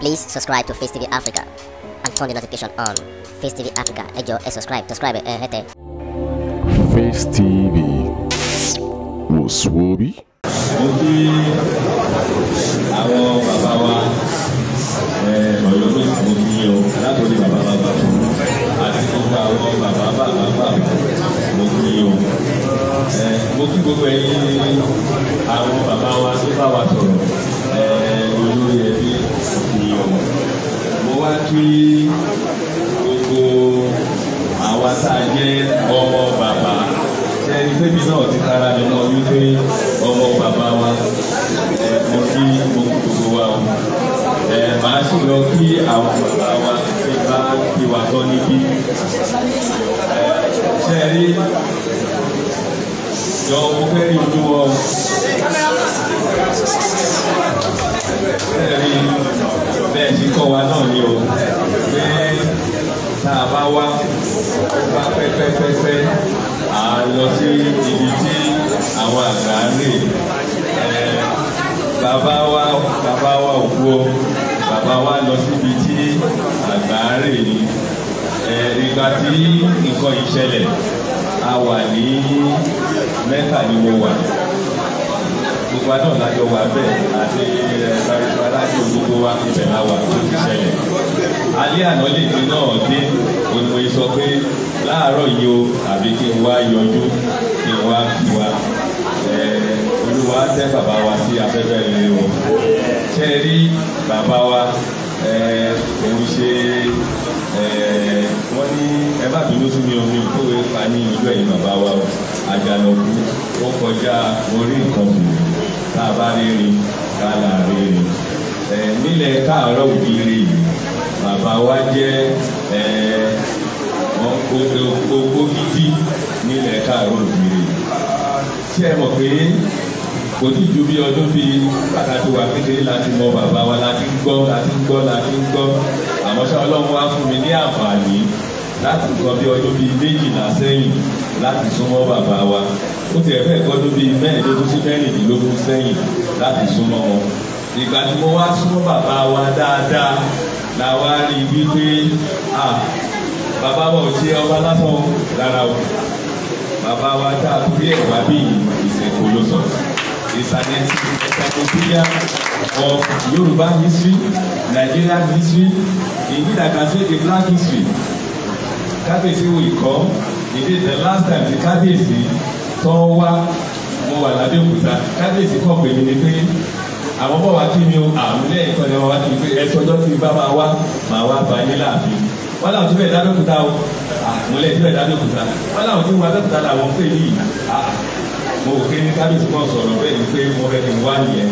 Please subscribe to Face TV Africa and turn the notification on. Face TV Africa, ẹ jọ̀ọ́ ẹ subscribe, subscribe eh? hẹ́tẹ̀. Face TV wò sùn orí. Mo kí àwọn bàbá wa ọ̀yọ́ ló ti mú bàbá bàbá àti gbogbo àwọn bàbá bàbá bàbá mo kí o. Mo kí gbogbo ẹ̀yin bàbá kí gbogbo àwa tá a jẹ́ ọmọ bàbá ṣẹ́ni tẹ́bí náà ti tara mi náà wípé ọmọ bàbá wa mo kí mo kú gbogbo wa o màá sì lọ kí àwọn bàbá wa ti bá ìwà tán níbí ṣẹ́ni jọ mo fẹ́ rí ojú wa o bẹ́ẹ̀ ṣe kọ́ wa náà ni o pé tá a bá wá bá pẹ́pẹ́pẹ́pẹ́ à á lọ sí ibi tí àwọn àgbà ń rè bàbá wa bàbá wa òkú o bàbá wa lọ síbi tí àgbà ń rè ni ìgbà tí nǹkan ìṣẹ̀lẹ̀ a wà ní mẹ́ta wà gbogbo àná lájọ wà bẹ́ẹ̀ àti ẹ̀ẹ́dàgbà eh, alájọ gbogbo wa ibẹ̀ láwà tó ti ṣẹlẹ̀. alẹ́ àná lè ní náà dé ònìwé sọ pé láàárọ̀ yìí o àbí kí n wá yọjú kí n wá fi wa eh, olúwa tẹ́ bàbá wa sí afẹ́fẹ́ rere o ṣe rí bàbá wa eh, òun ṣe wọ́n ní ẹ bá bínú sí mi omi kówé pa ní ìlú ẹ̀yìn bàbá wa àjànàkú wọ́n kọjá orí nǹkan bùnú tá a bá rírì ká là rírì ẹ nílẹ̀ káàárọ̀ òbíire yìí bàbá wa jẹ́ ẹ ogógidì nílẹ̀ káàárọ̀ òbíire yìí tí ẹ mọ̀ pé kò tí ju bí ọdún bíi pàtàkì wà kékeré láti mọ bàbá wa láti ń gbọ́ láti ń gbọ́ láti ń gbọ́ àmọ́ ṣá ọlọ́run wá fún mi ní àǹfààní láti gbọ́ bí ọdún bíi méjìlá sẹ́yìn láti súnmọ́ bàbá wa ó ti ẹ̀fẹ́ ìtọ́jú bíi mẹ́ẹ̀ẹ́dógún sí mẹ́rìndínlógún sẹ́yìn láti súnmọ́ wọn ìgbà tí mo wá súnmọ́ bàbá wa dáadáa la wá rí wípé à bàbá wa ò ṣe ọba lásán rárá o bàbá wa tá a torí ẹ̀ wá bí ìsẹ̀kù ló sọ ìsàlẹ̀ encyclopedia of Yorùbá history Nigerian history indeed I can say the black history kábíyèsí wo ìkọ́ indeed the last time ti kábíyèsí tán wá mo wà lábẹ́òkúta kábíyèsí kọ̀ pé mi ni pé àwọn bọ̀ wá kí mi o àmì lẹ́yìn kan ni wọ́n wá kí mi pé ẹ̀sọ́ ọjọ́ tí bá máa wá máa wá bá yín láàfin wọ́n làwọn tí bẹ̀rẹ̀ lábẹ́òkúta o àmúlẹ̀ tí bẹ̀rẹ̀ lábẹ́òkúta wọ́n làwọn tí wọ́n lábẹ́òkúta làwọn pè yìí mo kò kéde kábíyèsí kan sọ̀rọ̀ bẹ́ẹ̀ ni pé mo fẹ́ kí n wá nìyẹn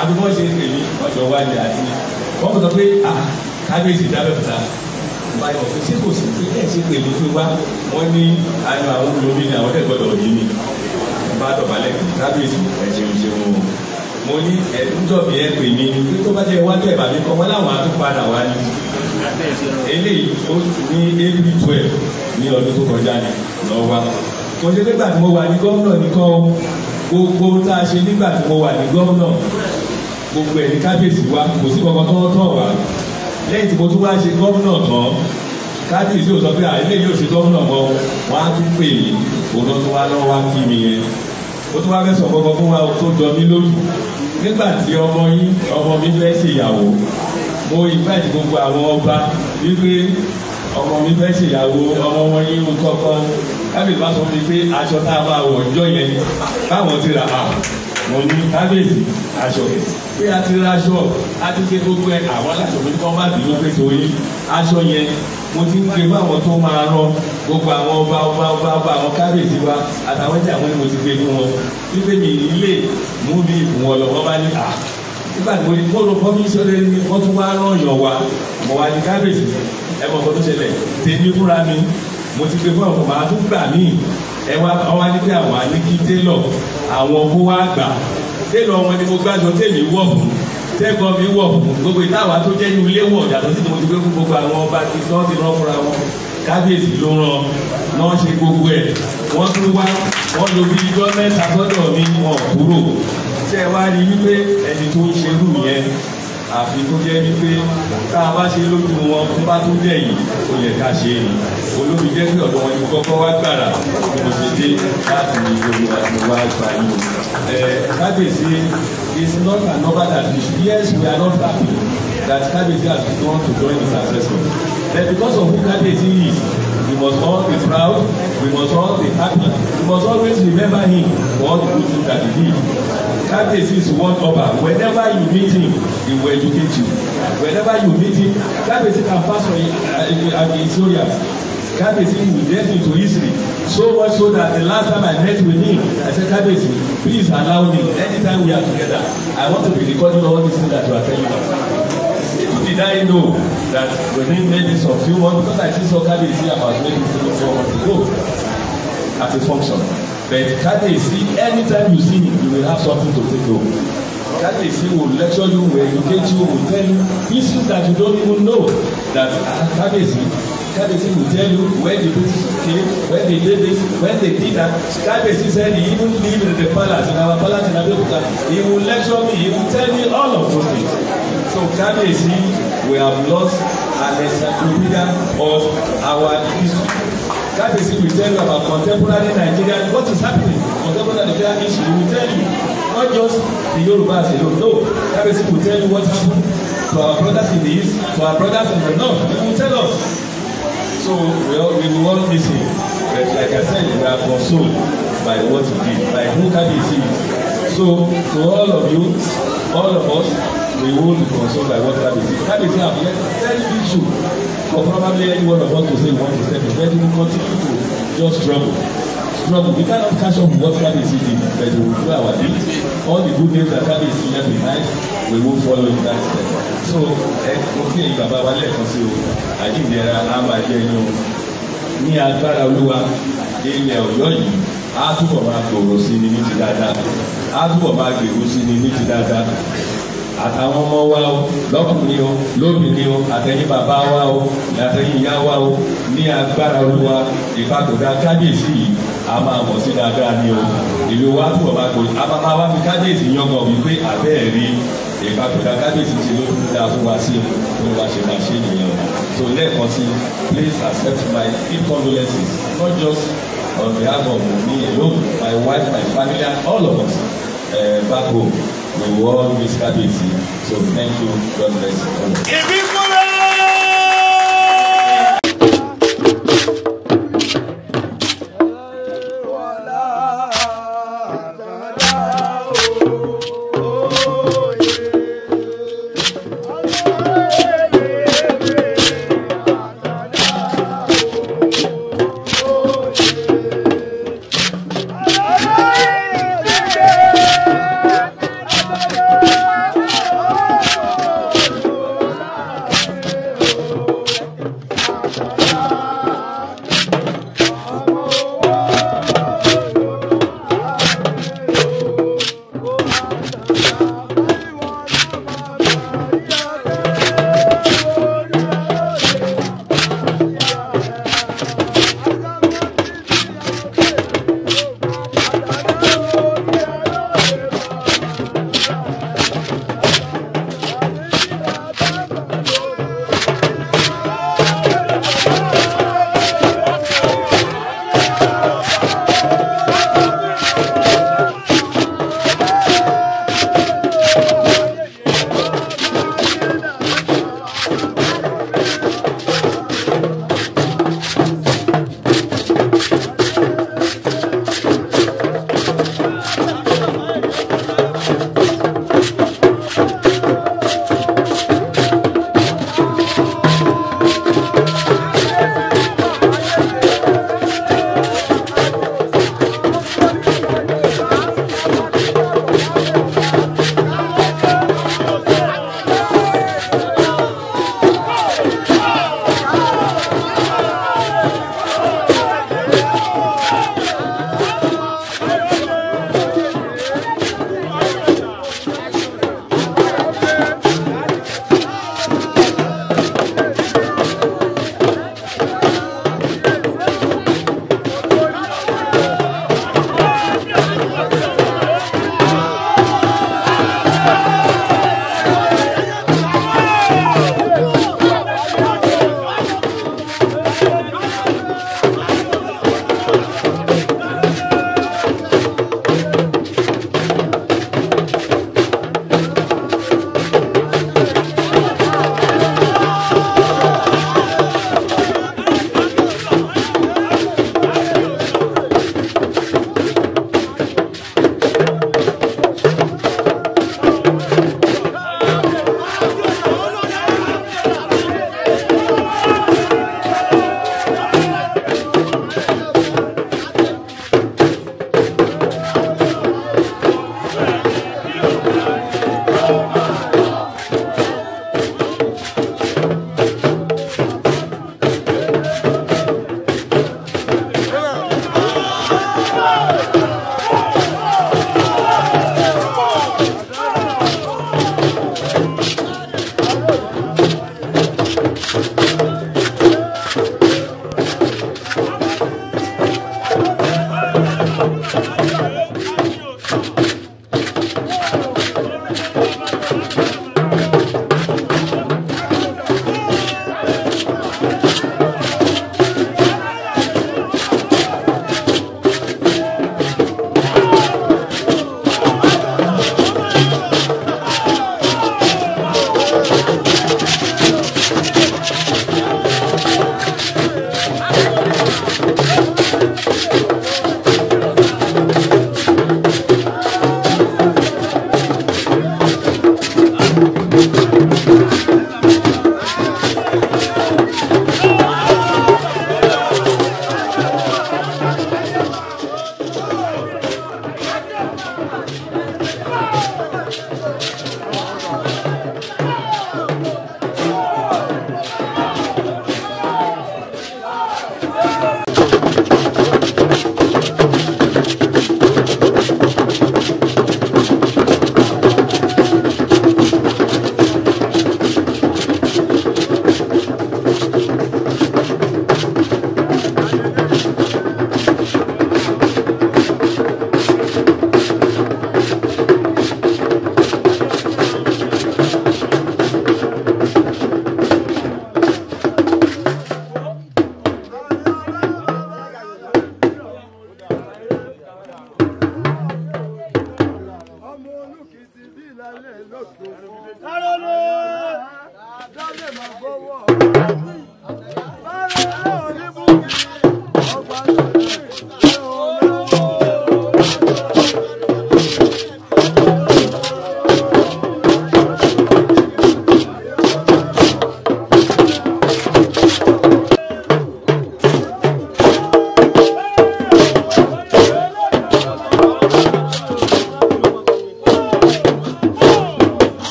àbí wọ́n ṣe èmi ọ̀ṣọ́ wá ní àti wọ́n kò sọ pé kábíyèsí lábẹ́òkúta àbáyọ pé ṣé kò sí pé ẹ̀ ṣe pèlú fún wa wọ́n ní àyọ àwọn olómìnira àwọn ẹ̀gbọ́dọ̀ yìí ni bá dọ̀bálẹ̀ kábíyèsí ẹ̀ ṣeun ṣeun o mo ní ẹ̀dúndọ̀bì ẹ̀ pè mí pé tó bá jẹ́ wájú ẹ̀bà mi kọ́ wọ́n láwọn àtúpadà wá ní eléyìí ó ní ab twelve ní ọdún tó kọjá ní lọ́wọ́ mo ṣe nígbà tí mo wà ní gómìnà nìkan o gbogbo tá a ṣe nígbà tí mo wà ní gómìnà gbogbo ẹ̀ ní kábíyèsí wa kò sí kankan tó tọ̀ wá lẹ́yìn tí mo tún wá ṣe gómìnà tán kábíyèsí ò sọ pé àìlè yóò ṣe gómìnà mọ́ wọn á tún pè mí òun tó wá lọ́wọ́ wá kí mi yẹn ó tún wá fẹ́ sọ gbogbo fún wa tó jọ mí lójú nígbà tí ọmọ yín ọmọ mi fẹ́ ṣèyàwó mo invite gbogbo àwọn ọba wípé ọmọ mi fẹ́ ṣèyàwó ọmọ wọn yín ń kọ́kọ́ kábíyèsí bá sọ fún mi pé aṣọ tá a máa wọ̀ ọjọ́ yẹn báwọn ti rà á mo ní kábíyèsí aṣọ rẹ̀ pé a ti ra aṣọ a ti ṣe gbogbo ẹ̀ àwọn aláṣọ mi kọ́ má bínú pé torí aṣọ yẹn mo ti ń gbé fún tó máa rán gbogbo àwọn ọba ọba ọba ọba àwọn kábíyèsí wa àtàwọn tí àwọn ni mo ti gbé fún wọn wípé mi ilé mú mi ìfún wọn lọ wọn bá ní à nígbà tí mo ní kó ló ni wọ́n tún wá rán yàn wa mo wá ní kábíyèsí ẹ mọ̀ nǹkan tó ṣẹlẹ̀ tèmi fúnra mi mo ti gbé fún àwọn ẹ wá wá ní pé àwọn àníkí télọ̀ àwọn kó wá gbà télọ̀ wọn ni mo gbàdọ̀ tèmi wọ̀ fún tẹ́gbọ́n mi wọ̀ fún gbogbo ìtawà tó jẹ́ ilé wọ̀ yàtọ̀ sí mo ti gbé fún gbogbo àwọn ọba tí wọ́n ti rán fúnra wọn kábíyèsí ló rán náà ṣe gbogbo ẹ̀ wọ́n tún wá wọ́n lo bí ijọ́ mẹ́ta sọ́dọ̀ mi wọn kúrò ṣé ẹ wá rí wípé ẹni tó ń ṣerú yẹn àfi tó jẹ́ wípé tá a bá ṣe lójú wọn tó bá tó dẹ̀ yìí ó yẹ ká ṣe é ni jẹ́ pé ọ̀dọ̀ wọn ni kọ́kọ́ wá gbàrà bí mo ṣe dé láti ní gbogbo àti wá gbà yìí ẹ kábíyèsí is not another that we should yes we are not happy that kábíyèsí has gone to join the successor but because of who kábíyèsí is we must all be proud we must all be happy we must always remember him for all the good things that he did Kábíyèsí is one ọba whenever you meet him he will educate you whenever you meet him Kábíyèsí can pass on his areas Kábíyèsí will get into history so much so that the last time I met with him I said Kábíyèsí please allow me anytime we are together I want to be recording all these things that you are telling us did I know that within maybe a few months because I see so Kábíyèsí about maybe three or four months ago at a function. But Kadesi, anytime you see him, you will have something to take home. Kadesi will lecture you, will educate you, will tell you issues that you don't even know. That Kadesi, Kadesi will tell you when the British came, when they did this, when they did that. Kadesi said he even lived in the palace, in our palace in Abeokuta. He will lecture me, he will tell me all of those things. So Kadesi, we have lost an encyclopedia of our history that is if we tell you about contemporary Nigeria what is happening contemporary Nigeria issue we tell you not just the Yorubas alone no that is if we tell you what happen to our brothers in the east to our brothers in the north they will tell us so we all we will all miss him but like I said we are consoled by what he did by who can be serious so to all of you all of us we will be consoled by what Kabezi Kabezi have yet very big shoe for probably anyone of us to say one percent but we continue to just struggle struggle we cannot catch up with what kabiyesi did but we will do our bit all the good things that kabiyesi left behind we will follow in that step so ẹ eh, mo kí ẹ̀yin bàbá wa lẹ́ẹ̀kan sí o àjíǹdẹ̀ra á máa jẹ́ ẹni o ní agbára olúwa ilẹ̀ ọ̀yọ́ yìí á túbọ̀ máa gbòòrò sí ni ní ti dáadáa á túbọ̀ máa gbèrú sí ni ní àtàwọn ọmọ wa o lọ́kùnrin o lóbìnrin o àtẹ̀yìn bàbá wa o àtẹ̀yìn ìyá wa o ní agbára olúwa ìfàkùdà kábíyèsí yìí a máa mọ̀ sí dáadáa ni o ìlú wa tó ọba kò ababa wa fi kábíyèsí yangàn wípé àbẹ́ẹ̀ rí ìfàkùdà kábíyèsí ṣe ló dá fún wa sí fún wa ṣe máa ṣe nìyẹn o so lẹ́ẹ̀kan sí please accept my condolences not just on behalf of me alone my wife my family and all of us uh, back home. The world is happy. So thank you. God bless you. Thank you.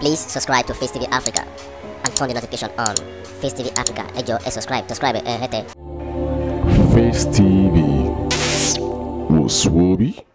Please subscribe to Face TV Africa and turn the notification on. Face TV Africa, ejo, e subscribe, subscribe, eh, hete. Face TV was